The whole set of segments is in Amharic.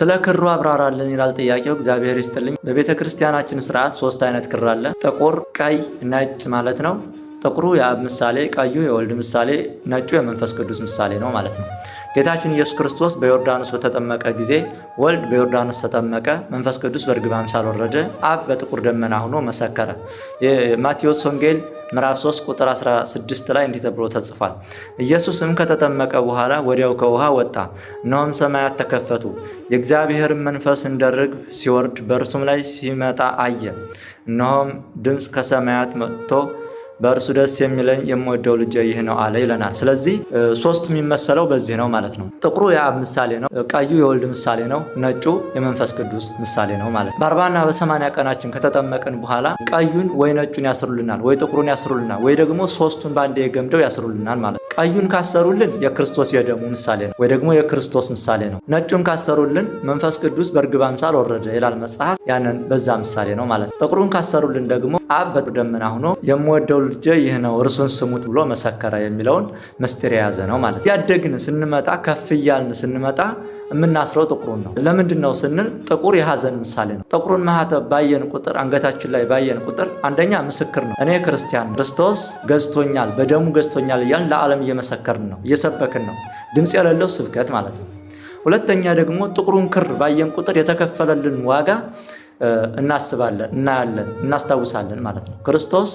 ስለ ክሩ አብራራልን ይላል ጥያቄው። እግዚአብሔር ይስጥልኝ። በቤተ ክርስቲያናችን ስርዓት ሶስት አይነት ክር አለ። ጥቁር፣ ቀይ፣ ነጭ ማለት ነው። ጥቁሩ የአብ ምሳሌ፣ ቀዩ የወልድ ምሳሌ፣ ነጩ የመንፈስ ቅዱስ ምሳሌ ነው ማለት ነው። ጌታችን ኢየሱስ ክርስቶስ በዮርዳኖስ በተጠመቀ ጊዜ ወልድ በዮርዳኖስ ተጠመቀ፣ መንፈስ ቅዱስ በእርግብ አምሳል ወረደ፣ አብ በጥቁር ደመና ሆኖ መሰከረ። የማቴዎስ ወንጌል ምዕራፍ 3 ቁጥር 16 ላይ እንዲህ ተብሎ ተጽፏል። ኢየሱስም ከተጠመቀ በኋላ ወዲያው ከውሃ ወጣ፣ እነሆም ሰማያት ተከፈቱ፣ የእግዚአብሔር መንፈስ እንደ ርግብ ሲወርድ በእርሱም ላይ ሲመጣ አየ። እነሆም ድምፅ ከሰማያት መጥቶ በእርሱ ደስ የሚለኝ የምወደው ልጄ ይህ ነው አለ ይለናል። ስለዚህ ሶስት የሚመሰለው በዚህ ነው ማለት ነው። ጥቁሩ የአብ ምሳሌ ነው፣ ቀዩ የወልድ ምሳሌ ነው፣ ነጩ የመንፈስ ቅዱስ ምሳሌ ነው ማለት ነው። በአርባና በሰማንያ ቀናችን ከተጠመቅን በኋላ ቀዩን ወይ ነጩን ያስሩልናል፣ ወይ ጥቁሩን ያስሩልናል፣ ወይ ደግሞ ሶስቱን በአንዴ ገምደው ያስሩልናል ማለት ነው። ቀዩን ካሰሩልን የክርስቶስ የደሙ ምሳሌ ነው፣ ወይ ደግሞ የክርስቶስ ምሳሌ ነው። ነጩን ካሰሩልን መንፈስ ቅዱስ በእርግብ አምሳል ወረደ ይላል መጽሐፍ። ያንን በዛ ምሳሌ ነው ማለት ነው። ጥቁሩን ካሰሩልን ደግሞ አብ በደመና ደመና ሆኖ የምወደው ልጄ ይህ ነው እርሱን ስሙት ብሎ መሰከረ የሚለውን ምስጢር የያዘ ነው ማለት። ያደግን ስንመጣ ከፍ እያልን ስንመጣ የምናስረው ጥቁሩን ነው። ለምንድን ነው ስንል ጥቁር የሀዘን ምሳሌ ነው። ጥቁሩን ማህተብ ባየን ቁጥር፣ አንገታችን ላይ ባየን ቁጥር አንደኛ ምስክር ነው። እኔ ክርስቲያን ክርስቶስ ገዝቶኛል፣ በደሙ ገዝቶኛል እያልን ለዓለም እየመሰከርን ነው፣ እየሰበክን ነው። ድምፅ የሌለው ስብከት ማለት ነው። ሁለተኛ ደግሞ ጥቁሩን ክር ባየን ቁጥር የተከፈለልን ዋጋ እናስባለን፣ እናያለን፣ እናስታውሳለን ማለት ነው። ክርስቶስ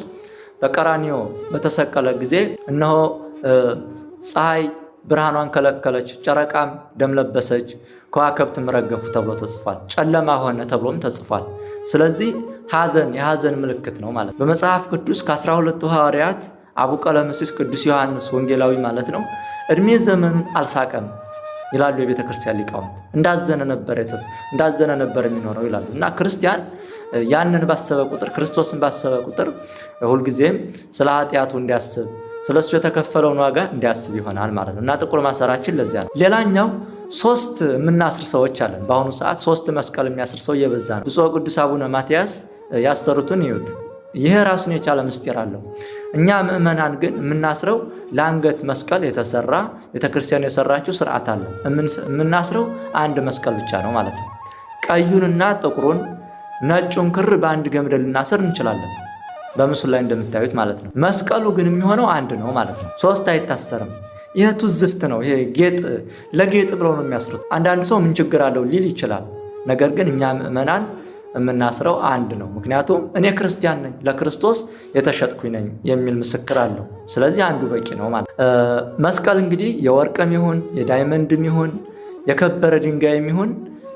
በቀራኒዮ በተሰቀለ ጊዜ እነሆ ፀሐይ ብርሃኗን ከለከለች፣ ጨረቃም ደም ለበሰች፣ ከዋከብትም ረገፉ ተብሎ ተጽፏል። ጨለማ ሆነ ተብሎም ተጽፏል። ስለዚህ ሐዘን የሐዘን ምልክት ነው ማለት ነው። በመጽሐፍ ቅዱስ ከአስራ ሁለቱ ሐዋርያት አቡቀለምሲስ ቅዱስ ዮሐንስ ወንጌላዊ ማለት ነው እድሜ ዘመኑን አልሳቀም። ይላሉ የቤተ ክርስቲያን ሊቃውንት። እንዳዘነ ነበር እንዳዘነ ነበር የሚኖረው ይላሉ እና ክርስቲያን ያንን ባሰበ ቁጥር ክርስቶስን ባሰበ ቁጥር ሁልጊዜም ስለ ኃጢአቱ እንዲያስብ ስለ እሱ የተከፈለውን ዋጋ እንዲያስብ ይሆናል ማለት ነው እና ጥቁር ማሰራችን ለዚያ ነው። ሌላኛው ሶስት የምናስር ሰዎች አለን። በአሁኑ ሰዓት ሶስት መስቀል የሚያስር ሰው እየበዛ ነው። ብፁዕ ቅዱስ አቡነ ማትያስ ያሰሩትን ይዩት። ይሄ ራሱን የቻለ ምስጢር አለው። እኛ ምእመናን ግን የምናስረው ለአንገት መስቀል የተሰራ ቤተክርስቲያን የሰራችው ስርዓት አለ። የምናስረው አንድ መስቀል ብቻ ነው ማለት ነው። ቀዩንና ጥቁሩን ነጩን ክር በአንድ ገምደ ልናስር እንችላለን። በምስሉ ላይ እንደምታዩት ማለት ነው። መስቀሉ ግን የሚሆነው አንድ ነው ማለት ነው። ሶስት አይታሰርም። ይህ ቱዝፍት ነው። ይሄ ጌጥ ለጌጥ ብለው ነው የሚያስሩት። አንዳንድ ሰው ምን ችግር አለው ሊል ይችላል። ነገር ግን እኛ ምእመናን የምናስረው አንድ ነው። ምክንያቱም እኔ ክርስቲያን ነኝ፣ ለክርስቶስ የተሸጥኩኝ ነኝ የሚል ምስክር አለው። ስለዚህ አንዱ በቂ ነው ማለት መስቀል እንግዲህ የወርቅም ይሁን የዳይመንድም ይሁን የከበረ ድንጋይም ይሁን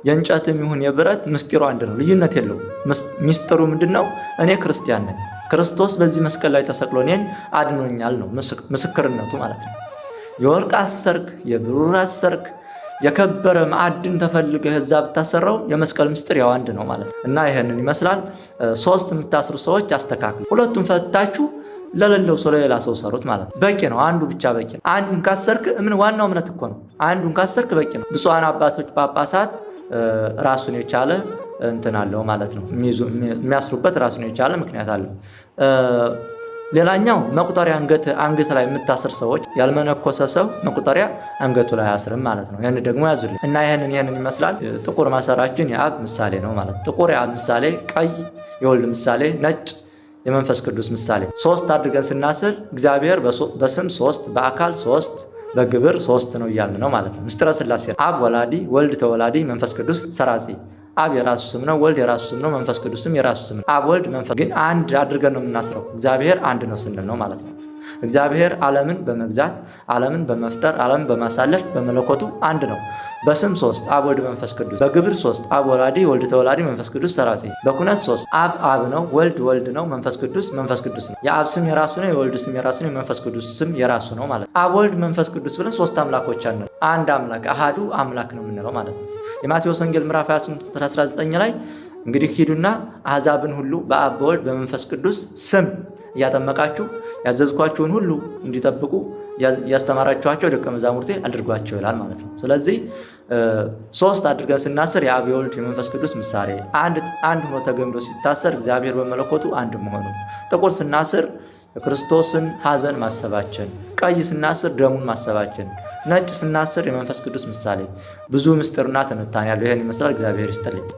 የእንጨትም ይሁን የብረት ምስጢሩ አንድ ነው፣ ልዩነት የለው ምስጢሩ ምንድን ነው? እኔ ክርስቲያን ነኝ፣ ክርስቶስ በዚህ መስቀል ላይ ተሰቅሎ እኔን አድኖኛል ነው ምስክርነቱ ማለት ነው። የወርቅ አሰርክ፣ የብሩር አሰርክ የከበረ ማዕድን ተፈልገህ እዛ ብታሰራው የመስቀል ምስጢር ያው አንድ ነው ማለት ነው። እና ይህንን ይመስላል። ሶስት የምታስሩ ሰዎች አስተካክሉ። ሁለቱም ፈታችሁ ለሌለው ሰው ለሌላ ሰው ሰሩት ማለት ነው። በቂ ነው። አንዱ ብቻ በቂ ነው። አንዱን ካሰርክ ምን ዋናው እምነት እኮ ነው። አንዱን ካሰርክ በቂ ነው። ብፁዓን አባቶች ጳጳሳት ራሱን የቻለ እንትን አለው ማለት ነው። የሚያስሩበት ራሱን የቻለ ምክንያት አለው። ሌላኛው መቁጠሪያ አንገት ላይ የምታስር ሰዎች ያልመነኮሰ ሰው መቁጠሪያ አንገቱ ላይ አያስርም ማለት ነው። ይህን ደግሞ ያዙልኝ እና ይህንን ይህንን ይመስላል። ጥቁር ማሰራችን የአብ ምሳሌ ነው ማለት ጥቁር የአብ ምሳሌ፣ ቀይ የወልድ ምሳሌ፣ ነጭ የመንፈስ ቅዱስ ምሳሌ። ሶስት አድርገን ስናስር እግዚአብሔር በስም ሶስት፣ በአካል ሶስት፣ በግብር ሶስት ነው እያልን ነው ማለት ነው። ምስጢረ ስላሴ አብ ወላዲ፣ ወልድ ተወላዲ፣ መንፈስ ቅዱስ ሰራጺ አብ የራሱ ስም ነው፣ ወልድ የራሱ ስም ነው፣ መንፈስ ቅዱስም የራሱ ስም ነው። አብ ወልድ መንፈስ ግን አንድ አድርገን ነው የምናስረው። እግዚአብሔር አንድ ነው ስንል ነው ማለት ነው። እግዚአብሔር ዓለምን በመግዛት ዓለምን በመፍጠር ዓለምን በማሳለፍ በመለኮቱ አንድ ነው። በስም ሶስት አብ ወልድ መንፈስ ቅዱስ፣ በግብር ሶስት አብ ወላዲ ወልድ ተወላዲ መንፈስ ቅዱስ ሰራጺ፣ በኩነት ሶስት አብ አብ ነው፣ ወልድ ወልድ ነው፣ መንፈስ ቅዱስ መንፈስ ቅዱስ ነው። የአብ ስም የራሱ ነው፣ የወልድ ስም የራሱ ነው፣ የመንፈስ ቅዱስ ስም የራሱ ነው ማለት ነው። አብ ወልድ መንፈስ ቅዱስ ብለን ሶስት አምላኮች ነው፣ አንድ አምላክ አሃዱ አምላክ ነው የምንለው ማለት ነው። የማቴዎስ ወንጌል ምዕራፍ 28 ቁጥር 19 ላይ እንግዲህ ሂዱና አሕዛብን ሁሉ በአብ በወልድ በመንፈስ ቅዱስ ስም እያጠመቃችሁ ያዘዝኳችሁን ሁሉ እንዲጠብቁ ያስተማራችኋቸው ደቀ መዛሙርቴ አድርጓቸው ይላል ማለት ነው። ስለዚህ ሶስት አድርገን ስናስር የአብ የወልድ የመንፈስ ቅዱስ ምሳሌ አንድ ሆኖ ተገምዶ ሲታሰር እግዚአብሔር በመለኮቱ አንድ መሆኑ፣ ጥቁር ስናስር ክርስቶስን ሐዘን ማሰባችን፣ ቀይ ስናስር ደሙን ማሰባችን፣ ነጭ ስናስር የመንፈስ ቅዱስ ምሳሌ። ብዙ ምስጢርና ትንታኔ ያለው ይህን ይመስላል። እግዚአብሔር ይስጥልኝ።